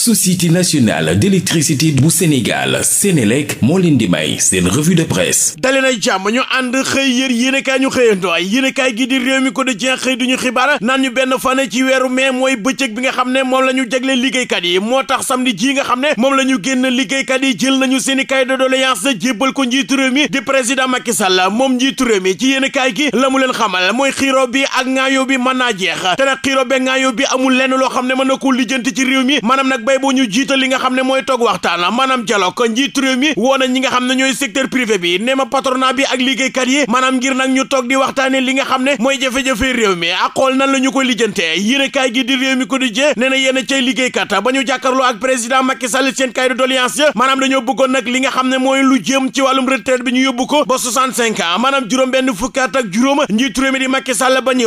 société nationale d'électricité bu Sénégal Sénélec moo leen di may seen revue de presse dali nay jàmm ñu ànd xëy yër yéenekaay ñu xëyandoo yéenekaay gi di réew mi ko di jeex xëy duñu xibaar naa ñu benn fan ci weeru mai mooy bëccëg bi nga xam ne moom la ñu jagle liggéeykat yi moo tax sam ni jii nga xam ne moom la ñu génn liggéeykat yi jël nañu seen i cahier de doléance jébbal ko njiitu réew mi di président Macky Sall moom njiitu réew mi ci yéenekaay gi la mu leen xamal mooy xiiro bi ak ŋaayoo bi mën naa jeex te nag xiiro bi bi amul lenn loo xam ne mën na ko lijjanti ci réew mi maanaam nag bay bu ñu jiital li nga xam ne mooy toog waxtaan maanaam dialogue ko njiit réew mi woo na ñi nga xam ne ñooy secteur privé bi ne ma bi ak liggéeykat yi maanaam ngir nag ñu toog di waxtaane li nga xam ne mooy jafe-jafe réew mi ak xool nan la ñu ko lijjantee yéen a kaay gi di réew mi ko di jee nee na yéen a cay ba ñu jàkkaarloo ak président Macky Sall seen kaay de doléance ya maanaam dañoo bëggoon nag li nga xam ne mooy lu jëm ci wàllum retraite bi ñu yóbbu ko ba 65 ans maanaam juróom benn fukkaat ak juróom njiit réew mi di Macky Sall leen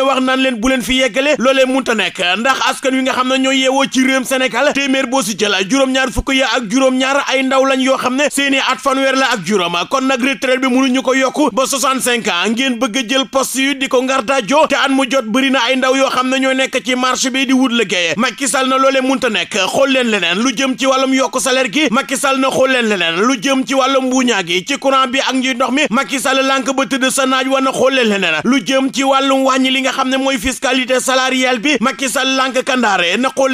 wax naan leen bu leen fi yeggale loolee munta nekk ndax askan wi nga xam ne ñoo yeewoo ci réewum Sénégal Sénégal téeméer boo si jël juróom-ñaar fukk ya ak juróom-ñaar ay ndaw lañ yoo xam ne seeni at fanweer la ak juróoma kon nag retraite bi mënuñu ko yokk ba 65 ans ngeen bëgg jël post yu di ko ngar daajoo te an mu jot bëri na ay ndaw yoo xam ne ñoo nekk ci marché bi di wut liggéey Macky Sall na loolee munta nekk xool leen leneen lu jëm ci wàllum yokk salaire gi Macky Sall na xool leen leneen lu jëm ci wàllum buuñaa gi ci courant bi ak njiy ndox mi Macky Sall lànk ba tëdd sa naaj war na xool leen leneen lu jëm ci wàllum wàññi li nga xam ne mooy fiscalité salariale bi Macky Sall lànk kandaare na xool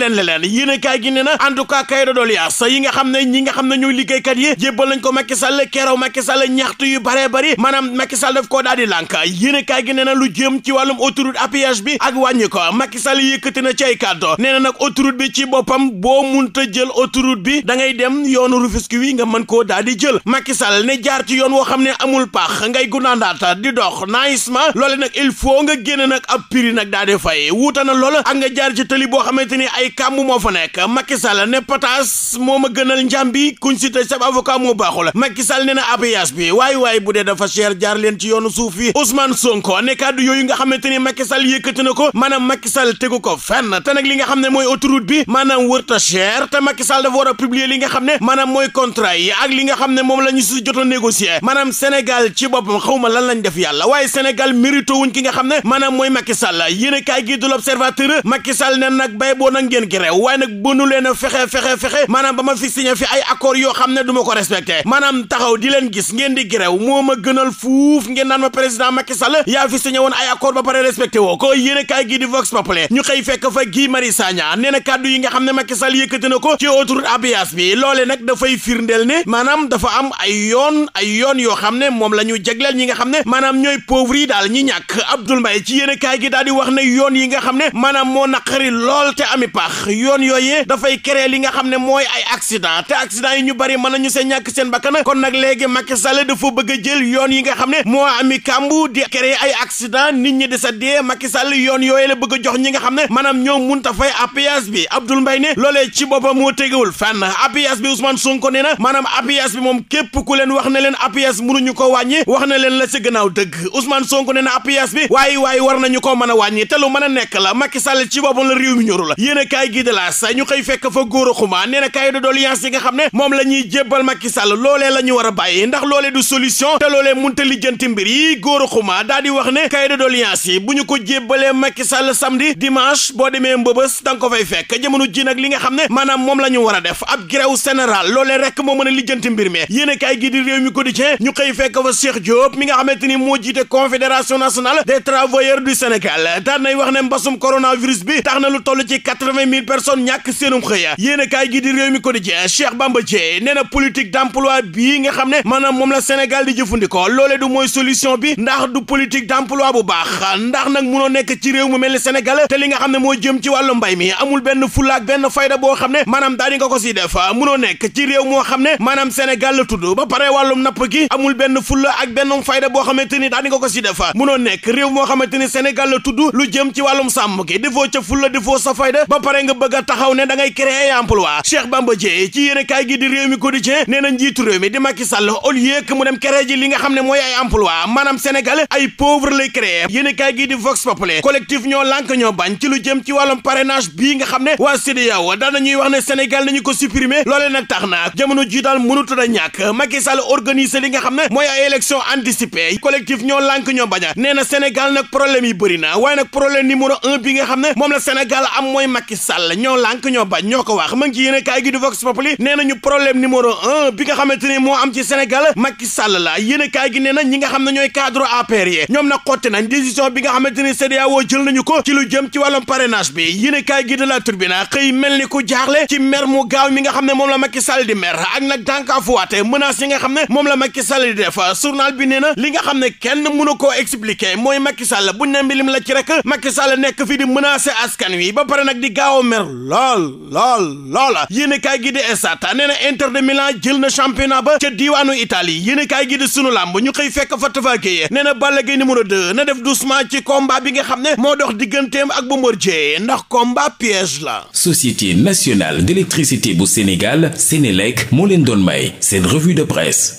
kaay gi ne en tout cas kay dodool ah, sa yi nga xam ne ñi nga xam ne ñooy liggéeykat yi jébbal nañ ko Macky Sall keroog Macky Sall ñaxtu yu bare bari maanaam Macky Sall daf koo daal di lànk yéen kaay gi ne na lu jëm ci wàllum autoroute à bi ak wàññi ko Macky Sall yëkkati na ci ay kàddu nee na nag bi ci boppam boo munta jël autoroute bi da ngay dem yoonu Rufisque wi nga mën koo daal di jël Macky Sall ne jaar ci yoon woo xam ne amul paax ngay gunaandaata di dox ma loole nag il faut nga génn nag ab prix nag daal di fay wuute na lool ak nga jaar ci tëli boo xamante ni ay kàmb moo fa nekk Macky Sall ne pataas moo a gënal njàm bi kuñ si tëj sab avocat moo baaxul Macky Sall ne bi waay waaye bu dee dafa cher jaar leen ci yoonu suuf yi Ousmane Sonko ne kàddu yooyu nga xamante ni Macky Sall yëkkati na ko maanaam Macky Sall tegu ko fenn te nag li nga xam ne mooy autoroute bi maanaam wërta cher te Macky dafa war a li nga xam ne maanaam mooy contrat yi li nga xam ne moom la ñu si jot a négocier maanaam Sénégal ci boppam xawma lan lañ def yàlla waaye Sénégal mérito wuñ ki nga xam ne maanaam mooy Macky Sall yéen a kaay gi du l'observateur Macky Sall ne nag bay boo nag ngeen mënu leen a fexe fexe fexe maanaam ba ma fi signé fi ay accord yoo xam ne du ma ko respecté maanaam taxaw di leen gis ngeen di gréw moo ma gënal fuuf ngeen naan ma président Macky Sall yaa fi signé woon ay accord ba pare respecté woo ko yéene kaay gii di Vox Populi ñu xëy fekk fa Guy Marius Sagna nee na kàddu yi nga xam ne Macky Sall yëkkati na ko ci autoroute à péage bi nag dafay firndeel ne maanaam dafa am ay yoon ay yoon yoo xam ne moom la ñu jagleel ñi nga xam ne maanaam ñooy pauvre yi daal ñi ñàkk Abdoul Mbaye ci yéene kaay gi daal di wax ne yoon yi nga xam ne maanaam moo naqari lool te ami yoon ne dafay créer li nga xam ne mooy ay accident te accident yi ñu bari mën ñu see ñàkk seen bakkan kon nag léegi Macky Sall dafa bëgg a jël yoon yi nga xam ne moo ami kàmbu di créer ay accident nit ñi di sa dee Macky Sall yoon yooyu la bëgg jox ñi nga xam ne maanaam ñoom mun ta fay APS bi Abdoul Mbaye ne loolee ci boppam moo tegewul fenn APS bi Ousmane Sonko nee na maanaam APS bi moom képp ku leen wax ne leen APS ñu ko wàññi wax na leen la si gannaaw dëgg Ousmane Sonko nee na APS bi waaye waaye war nañu ko mën te lu mën a nekk la Macky Sall ci boppam la réew la yéen xëy fekk fa góor a xumaa nee na cahier de yi nga xam ne moom lañuy ñuy jébbal Macky Sall loolee la ñu war a bàyyi ndax loolee du solution te loolee munta lijjanti mbir yi góor a xumaa daa di wax ne cahier de doléances yi bu ñu ko jébbalee Macky Sall samedi dimanche boo demee mbëbës da nga ko fay fekk jamono ji nag li nga xam ne maanaam moom la ñu war a def ab grève général loolee rek moo mën a lijjanti mbir mi yéen kaay gi di réew mi quotidien ñu xëy fekk fa Cheikh Diop mi nga xamante ni moo jiite confédération nationale des travailleurs du Sénégal daan nay wax ne mbasum coronavirus bi tax na lu toll ci quatre-vingt mille personnes ñàkk ñàkk seenum xëya yéen a kaay di réew mi quotidien Cheikh Bamba Dièye nee na politique d'emploi bii nga xam ne maanaam moom la Sénégal di jëfandikoo loolee du mooy solution bi ndax du politique d'emploi bu baax ndax nag munoo nekk ci réew mu mel ni Sénégal te li nga xam ne moo jëm ci wàllu mbay mi amul benn fulla ak benn fayda boo xam ne maanaam daal di nga ko si def munoo nekk ci réew moo xam ne maanaam Sénégal la tudd ba pare wàllum napp gi amul benn fulla ak benn fayda boo xamante ni daal di nga ko si def munoo nekk réew moo xamante ni Sénégal tudd lu jëm ci wàllum sàmm gi defoo ca fulla defoo sa fayda ba pare nga bëgg a taxaw ne ne da ngay créer ay emploi Cheikh Bamba Dièye ci yéen a gi di réew mi quotidien nee njiitu réew mi di Macky Sall au lieu mu dem créer li nga xam ne mooy ay emploi maanaam Sénégal ay pauvre lay créer yéen a kaay gi di Vox Populi collectif ñoo lànk ñoo bañ ci lu jëm ci wàllum parrainage bii nga xam ne waa CEDEAO daan nañuy wax ne Sénégal nañu ko supprimer loolee nag tax na jamono ji daal mënutu da ñàkk Macky Sall organiser li nga xam ne mooy ay élection anticipée collectif ñ lànk ñoo baña nee na Sénégal nag problème yi bëri na waaye nag problème numéro un bi nga xam ne moom la Sénégal am mooy Macky Sall ñoo mënuñoo bañ ñoo ko wax ma ngi ci yéen kaay gi di Vox Populi nee nañu problème numéro un bi nga xamante ni moo am ci Sénégal Macky Sall la yéen kaa gi nee na ñi nga xam ne ñooy cadre APR yi ñoom nag xotti nañ décision bi nga xamante ni CEDEAO jël nañu ko ci lu jëm ci wàllum parrainage bi yéen kaay gi de la Tribune xëy mel ni ku jaaxle ci mer mu gaaw mi nga xam ne moom la Macky Sall di mer ak nag dànkaafuwaate menace yi nga xam ne moom la Macky Sall di def journal bi nee na li nga xam ne kenn mënu koo expliquer mooy Macky Sall buñ ne mbilim la ci rek Macky Sall nekk fii di menacer askan wi ba pare nag di gaaw mer lool lool lool lool yéen gi di Stades nee na Inter de Milan jël na championnat ba ca diiwaanu Italie yéen a kaay gi di sunu làmb ñu xëy fekk fa Tapha Gueye nee na Balla Gaye numéro 2 na def doucement ci combat bi nga xam ne moo dox digganteem ak Bombardier ndax combat piège la. Société nationale d'électricité bu Sénégal Sénélec moo leen doon may seen revue de presse.